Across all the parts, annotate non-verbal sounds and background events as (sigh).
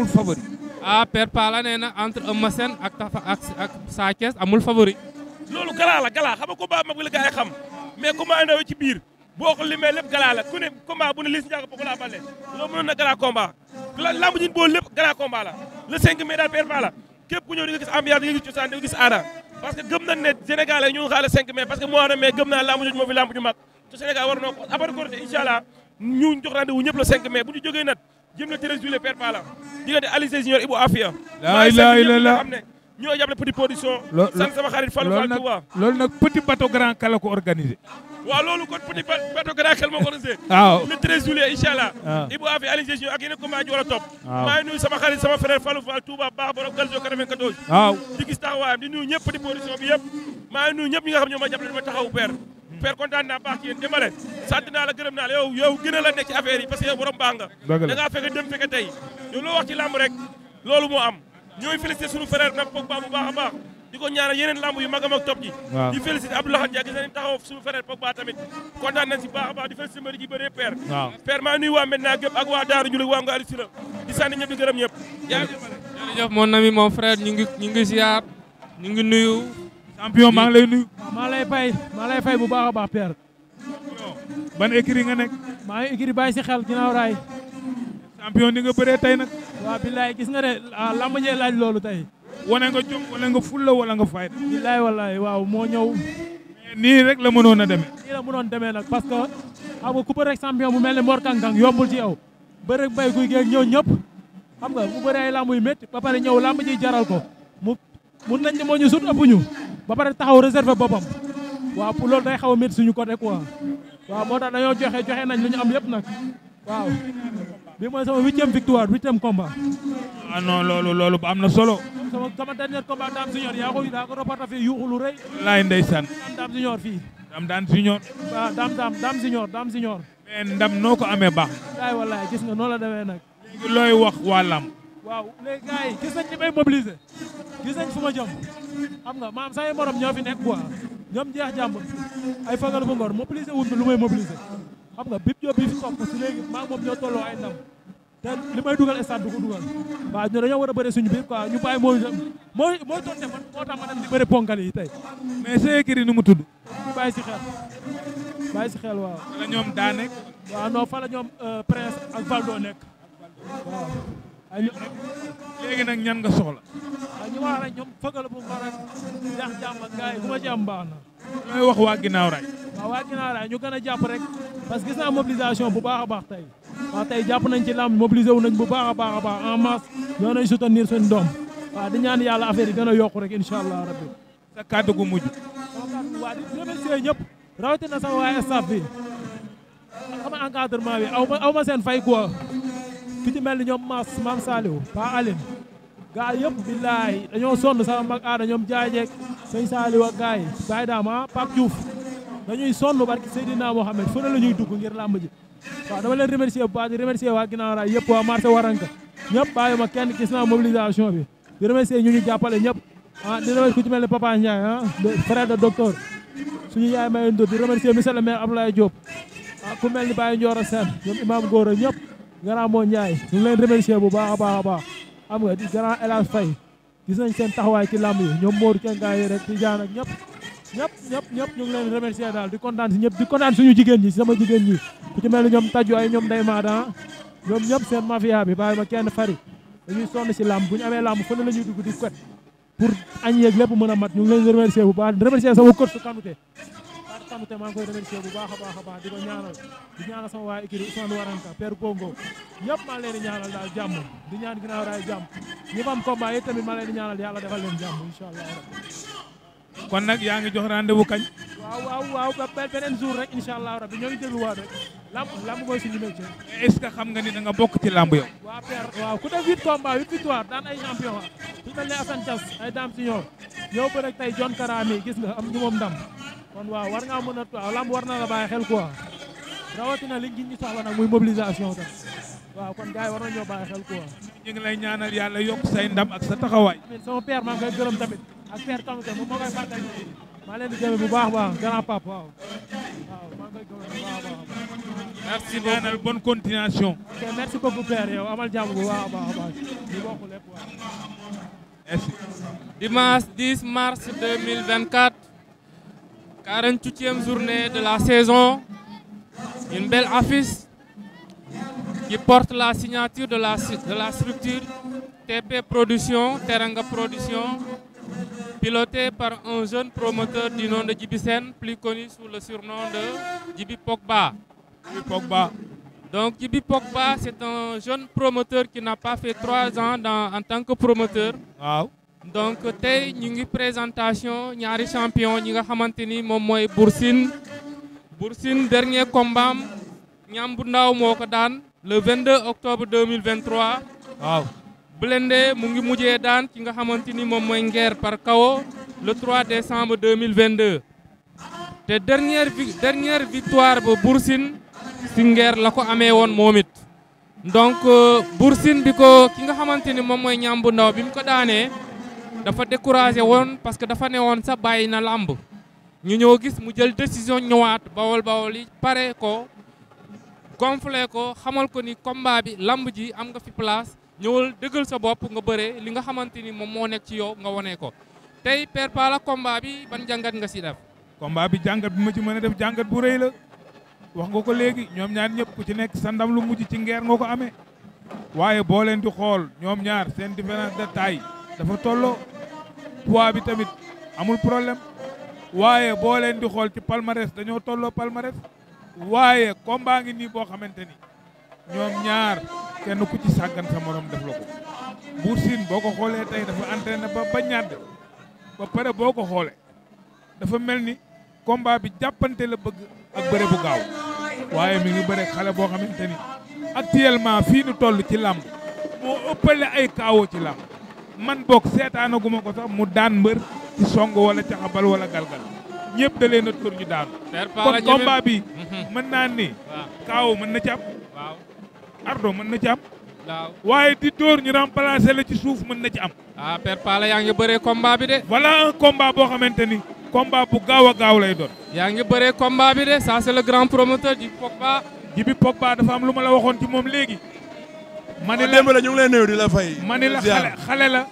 amul favori. ah Père Palla nee loolu galaa la galaa xam nga combat mag bi la gars yi xam mais combat ndaw ci biir boo ko limee lépp galaa la ku ne combat bu ne Liss Ndiago Pokola Baldé loolu mënoon na galaa combat lamb boo lépp galaa combat la le 5 mai daal Père Palla képp ku ñëw di nga gis ambiance di nga gis cosaan di nga gis aada parce que gëm nañ ne Sénégal ñu ngi xaar le 5 parce que mois de mai gëm naa lamb moo fi lamb ju mag Sénégal war na ko après Korité allah ñu jëm le 13 juillet Père Balla diggante Alizé Junior Ibou Afia laa ilaaha illallaah xam ne ñoo jàppale petit production san sama xarit Fallou Fall Touba loolu nag petit bateau grand kala ko organisé waaw loolu kon petit bateau grand kala moo ko organisé (laughs) waaw le 13 juillet incha allah ah. Ibou Afia Alizé Junior ak yeneen combat ji war a topp maa ngi nuyu sama di gis taxawaayam di nuyu ñëpp petit production bi yëpp maa ngi nuyu ñëpp ñi nga xam ñoo ma jàppale dama taxawu père kontaan naa baax ci yéen dimbale sant naa la gërëm naa la yow yow gën a la nekk ci affaire yi parce borom baax nga da dem fekke tey yow loo wax ci làmb rek loolu moo am ñooy félicité suñu frère nag Pogba bu baax a baax di ko ñaanal yeneen lamb yu mag a mag topp ji di félicité Abdoulaye Dia gis nañ taxaw suñu frère tamit kontaan nañ si baax a baax di félicité mbëri ji bëree père père maa nuyu waa maintenant gépp ak waa daaru julu waa nga Aliou champion maa ngi lay maa lay fay maa lay fay bu baax a baax Père. ban écurie nga nekk. maa ngi écurie bàyyi si xel ginnaaw raay. champion ni nga bëree tey nag. waaw billaay gis nga ne ah laaj loolu tey. wane nga jom wala nga fulla wala nga fayda. billaay wallaay waaw moo ñëw. nii rek la mënoon a demee. nii la mënoon demee nag parce que xam nga ku bëre rek champion bu mel ne Mor Kang Kang yombul ci yow. bëre bay guy geeg ñëw ñëpp xam nga mu bëree ay lamb yu métti ba pare ñëw lamb jaral ko mu mun nañ ne moo ñu ba pare taxaw réserver boppam waaw pour loolu day xaw a métti suñu côté quoi waaw moo tax dañoo joxe joxe nañ lu ñu am yëpp nag waaw bi mooy sama huitième victoire huitième combat. ah non loolu loolu ba am na solo. sama sama dernier combat Dame Junior yaa ko yaa ko reporté fii yuuxu lu rëy. laay ndeysaan. Dame Junior fii. Dame Dame Junior. waaw Dame Dame Dame Junior Dame Junior. mais ndam noo ko amee baax. wallaay wallaay gis nga noo la demee nag. looy wax waa lamb. waaw léegi gars yi gis nañ li may mobiliser. gis nañ fu ma jëm xam nga maam say morom ñoo fi nekk quoi ñoom jeex jàmm ay fagal ba ngor mobiliser wut lu may mobiliser xam nga bip jo bi fi topp si léegi maa moom ñoo tolloo ay ndam te li may dugal stade du ko dugal waaw ñoo dañoo war a bëri suñu biir quoi ñu bàyyi mooy mooy mooy tonte man moo tax ma dem di bëri ponkal yi tey mais see kiri nu mu tudd ñu bàyyi si xel bàyyi si xel waaw fala ñoom daa nekk waaw non fala ñoom euh, prince ak valdo nekk waaw léegi nag ñan nga soxla. waaw ñu wax rek ñoom fëgal bu ma rek jax jàmm ak gars yi ma ci am baax na. looy wax waa ginnaaw raay. waaw waa ginnaaw raay ñu gën a jàpp rek. parce que gis naa bu baax a baax tey. waaw tey jàpp nañ ci làmb mobilisé wu nañ bu baax a baax a baax en masse ñoo nañ soutenir seen doom. waaw di ñaan yàlla affaire yi gën a yokku rek incha allah rabbi. sa kàddu gu mujj. waaw di remercier ñëpp. rawatina sax waa staff bi. xam nga encadrement bi aw ma seen fay quoi. ki ci mel ni ñoom Mass Maam Saliou Pa Aline gaa yëpp billaay dañoo sonn sama mag aada ñoom jaajeek sëñ Saliou ak gaay Baye Dama ah, Pape Diouf dañuy sonn barki Seydina Mohamed fu ne la ñuy dugg ngir làmb ji waaw dama leen remercier bu di remercier waa ginnaaw raay yëpp waa marché waranka ñëpp bàyyi ma kenn gis naa mobilisation bi di remercier ñu ñu jàppale ñëpp ah di remercier ku ci mel ni Papa Ndiaye ah frère de docteur suñu yaay mayen do di ah, ku mel ni Baye Ndioro Sène ñoom imam Gora grand moo Ndiaye ñu ngi leen remercier bu baax a baax a baax xam nga di grand El Hadj Faye gis nañ seen taxawaay ñoom Mor Dieng rek di jaan ak ñëpp ñëpp ñëpp ñëpp ñu ngi leen remercier daal di kontaan ñëpp di kontaan suñu jigéen ñi sama jigéen ñi ku ci mel ni ñoom Tadju ay ñoom Ndeye Maada ñoom ñëpp seen mafia bi bàyyi ma kenn fari dañuy sonn si làmb bu ñu amee làmb fële la ñuy dugg di kwet pour añ yeeg mën a mat ñu ngi leen remercier bu baax remercier sama coach Kanouté tam a baax a baax di ko ñaanal di ñaanal sama waa écurie Ousmane Waranka père Gongo yëpp maa leen di ñaanal daal jàmm di ñaan ginnaaw raay jàmm ñi fa am combat yi tamit maa leen di ñaanal yàlla defal leen jàmm incha kon nag yaa ngi jox rendez-vous kañ waaw waaw waaw ba beneen jour rek incha allah rabbi ñoo ngi dégluwaat rek lamb lamb mooy suñu métier est-ce xam nga ni da nga bokk ci lamb yow waaw père waaw ku def huit combat victoire daan ay champion ku mel ne Assane ay dam si ñoom ñëw ba rek John Karami gis nga am ñu moom ndam kon waaw war ngaa mën a waaw lamb war na la bàyyi xel quoi rawatina liñ ci soxla nag muy mobilisation tam waaw kon gars yi war nañoo bàyyi xel quoi. ñu lay ñaanal yàlla yokk say ndam ak sa taxawaay. amiin sama père maa ngi koy gërëm tamit ak père tamit moom moo koy fàttali maa leen di gërëm bu baax a baax grand pape waaw. a baax. merci ñaanal bonne continuation. ok merci beaucoup père yow amal jàmm bu baax a baax a baax waaw. merci. dimanche mars 48e journée de la saison, une belle affiche qui porte la signature de la, de la structure TP Production, Teranga Production, pilotée par un jeune promoteur du nom de Djibisen, plus connu sous le surnom de Djibi Pogba. Donc Djibi Pogba, c'est un jeune promoteur qui n'a pas fait trois ans dans, en tant que promoteur. donc tey ñu ngi présentation ñaari champion ñi nga xamante ni moom mooy Boursine Boursine dernier combat am ñam bu ndaw moo ko daan le 22 octobre 2023 waaw Blindé mu ngi mujjee daan ki nga xamante ni moom mooy Nguer par KO le 3 décembre 2022 te dernière dernière victoire ba Boursine si Nguer la ko amee woon moom it donc euh, Boursine bi ko ki nga xamante ni moom mooy ñam bu ndaw bi mu ko daanee dafa découragé woon parce que dafa ne woon sa bàyyi na làmb ñu ñëw gis mu jël décision ñëwaat bawol bawol yi pare ko gonflé ko xamal ko ni combat bi làmb ji am nga fi place ñëwal dëggal sa bopp nga bëre li nga xamante ni moom moo nekk ci yow nga wone ko tey Père Palla bi ban jàngat nga si def. combat bi jàngat bi ma ci mën a def jàngat bu rëy la wax nga ko léegi ñoom ñaar ñëpp ku ci nekk sa ndam lu mujj ci ngeer nga ko amee waaye boo leen di xool ñoom ñaar seen différence de taille dafa poids bi tamit amul problème waaye boo leen di xool ci palmarès dañoo tolloo palmarès waaye combat ngi nii boo xamante ni ñoom ñaar kenn ku ci sàggan sa morom def la ko Bour Sine boo ko xoolee tey dafa entraîné ba ba ñàdd ba pare boo ko xoolee dafa mel ni combat bi jàppante la bëgg ak bëre bu gaaw waaye mi ngi bëre xale boo xamante ni actuellement fii nu toll ci làmb moo ëppale ay kaawoo ci làmb man boog seetaanaguma ko sax mu daan mbër ci song wala caxabal wala galgal ñëpp da leen a tur ñu daanu. kon combat bi. Mhm. mën naa ni. kaaw mën na ci am. waaw ardo mën na ci am. waaw waaye di dóor ñu remplacer la ci suuf mën na ci am. ah Père Pala yaa ngi bëree combat bi de. voilà un boo xamante ni. combat bu gaaw a gaaw lay doon. yaa ngi bëree combat bi de ça c'est le grand promoteur Djibi Pogba. Djibi Pogba dafa am lu ma la waxoon ci moom léegi. ma ni la démb la ñu ngi di la fay. ma ni la xale xale la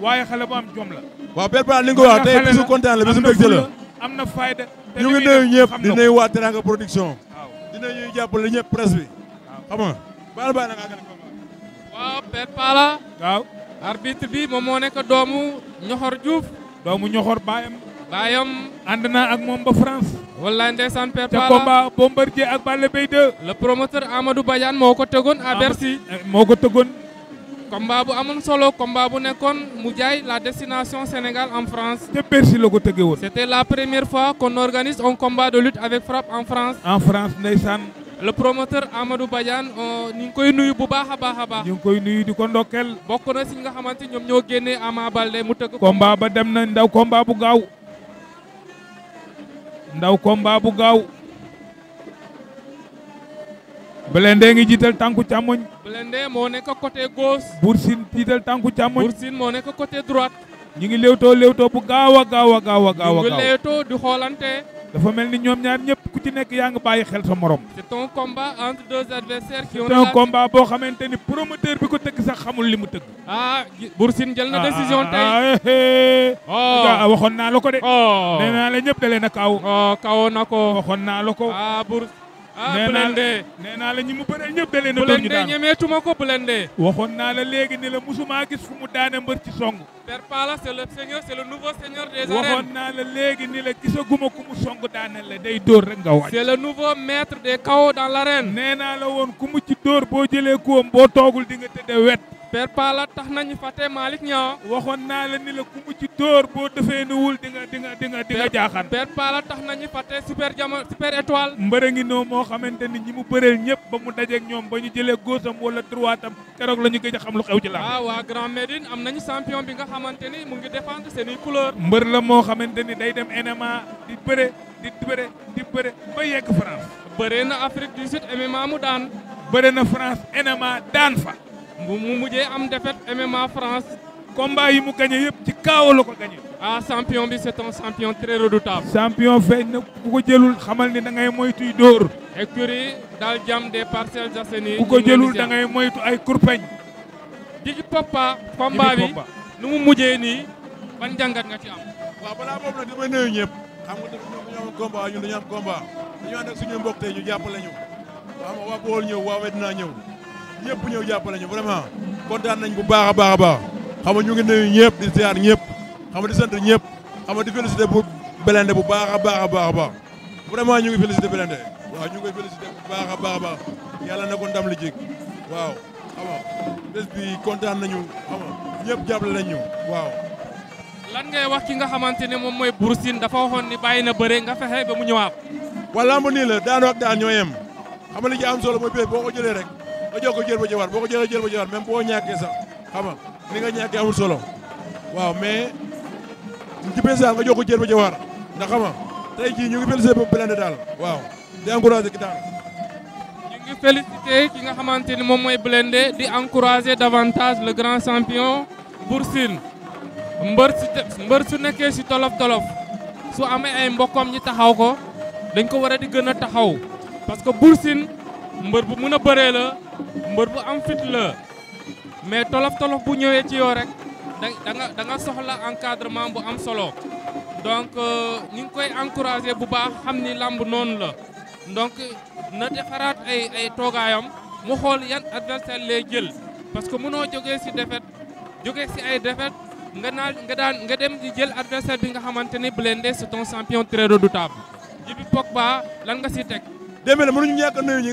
waaye xale bu am jom la. waaw Père Balla li nga ko wax tey bisu kontaan la bisu mbégte la am na fayda ñu ngi nuyu ñëpp di nuyu waa Teranga production. waaw di nuyu ñuy jàppale ñëpp presse bi. waaw xam nga Balla Balla nga gën a waaw Père Balla. bi moom moo nekk doomu Ñoxor Diouf. doomu Ñoxor baayam. baayam ànd naa ak moom ba France. wallaay ndeysaan Père Pala ca combat Bombardier ak Balla Gaye 2. le promoteur Amadou Badiane moo ko tëggoon à Bercy. Eh, moo ko tëggoon. combat bu amoon solo combat bu nekkoon mu jaay la destination Sénégal en France. te Bercy la ko tëggee woon. c' était la première fois qu'on organise un combat de lutte avec frappe en France. en France ndeysaan. le promoteur Amadou Badiane ñu ngi koy nuyu bu baax a baax a baax. koy nuyu di ko ndokkel. bokk na si ñi nga xamante ñoom ñoo génnee Ama Baldé mu tëgg. combat ba dem na ndaw combat bu gaaw. ndaw combat bu gaaw Blindé ngi jiital tànku càmmoñ Blindé moo nekk côté gauche Bour Sine jiital tànku càmmoñ Bour Sine moo nekk côté droite ñu ngi léewtoo léewtoo bu gaaw a gaaw a gaaw a gaaw a gaaw ñu ngi léewtoo di xoolante dafa mel ni ñoom ñaar ñëpp ku ci nekk yaa ngi bàyyi xel sa morom. c'est un combat entre deux adversaires qui ont c'est un boo xamante ni promoteur bi ko tëgg sax xamul li mu tëgg. ah Bour Sine jël na ah, décision tey. ah eh, eh. Oh. waxoon naa la ko de. Oh. nee naa la ñëpp dalee na kaw. Oh, kawoon na ko waxoon naa la ko. Ah, ah Blindé nee naa la ñi mu bëree ñëpp da leen a. doon ñu daan Blindé ñemeetuma ko Blindé. waxoon naa la léegi ne la musuma gis fu mu daane mbër ci song. Père Pala c'est le seigneur waxoon naa la léegi ni la gisaguma ku mu song daane la day dóor rek nga wàcc. c'est le nouveau maître des KO dans l'arène. nee naa la woon ku mu ci dóor boo jëlee koom boo toogul di nga wet. père Pala tax nañu fàtte Malick Niang. waxoon naa la ni la ku mu ci dóor boo defee nuwul di nga di nga di nga di nga jaaxaan. père Pala tax nañu fàtte super jamono super étoile. mbëre ngi noo moo xamante ni ñi mu bëreel ñëpp ba mu dajeeg ñoom ba ñu jëlee góosam wala droitam keroog la ñu gëj a xam lu xew ci la. Ah, waaw waa Grand Médine am nañu champion bi nga xamante ni mu ngi défendre seeni couleur. mbër la moo xamante ni day dem MMA di bëre di bëre di bëre ba yegg France. bëree na Afrique du Sud mu daan. bëre na France MMA daan fa. mu mujjee am défaite MMA France. combat yi mu gagné yëpp ci kaaw la ko gagné. ah champion bi c'est un champion très redoutable. champion feeñ na xamal ni da ngay moytuy dóor. écurie daal jàmm des Parcelles Assainies. ku ko jëlul moytu ay kurpeñ. Djily Poppa combat bi nu mu mujjee nii ban jàngat nga ci am. waaw balaa moom la damay nuyu ñëpp. xam nga dañoo am combat ñun dañoo am combat dañoo ànd ak suñu mbokk tey ñu jàppale ñu. xam nga waa Bawol ñëw waa Medina ñëw. ñëpp ñëw jàppale ñu vraiment kontaan nañ bu baax a baax a baax xam ñu ngi nuyu ñëpp di ziar ñëpp xam nga di sant ñëpp xam nga di félicité bu Belende bu baax a baax a baax a baax vraiment ñu ngi félicité Belende waaw ñu ngi koy félicité bu baax a baax a baax yàlla na ko ndam waaw xam nga bés bi kontaan nañu xam nga ñëpp nañ ñu waaw. lan ngay wax ki nga xamante ne moom mooy Bour Sine dafa waxoon ni bàyyi na bëre nga fexe ba mu ñëwaat. wala lamb nii la daanu ak daan ñoo yem xam nga li ci am boo ko jëlee rek. nga jox ko jël ba jëwaat boo ko jëlee jël ba jëwaat même boo ñàkkee sax xam nga ni nga ñàkkee amul solo waaw mais ci président nga jox ko jël ba jëwaat ndax xam tey jii ñu ngi félicité ba blende daal waaw di encouragé ki daal ñu ki nga xamante ni moom mooy blende di encouragé davantage le grand champion Bour Sine mbër su mbër su nekkee si tolof tolof su amee ay mbokkam ñi taxaw ko dañ ko war a di gën a taxaw parce que Bour mbër bu mën a bëree la mbër bu am fit la mais tolof tolof bu ñëwee ci yoo rek da nga da nga soxla encadrement bu am solo donc euh, ñu ngi koy encourager bu baax xam ni làmb noonu la donc na defaraat ay toogaayam mu xool yan adversaire lay jël parce que mënoo jógee ci défaite jógee ci ay défaite nga naal nga daan nga dem di jël adversaire bi nga xamante ni Blindé c'est un champion très redoutable Djiby Pogba lan nga ci teg. démb la mënuñu ñàkk a nuyu ñi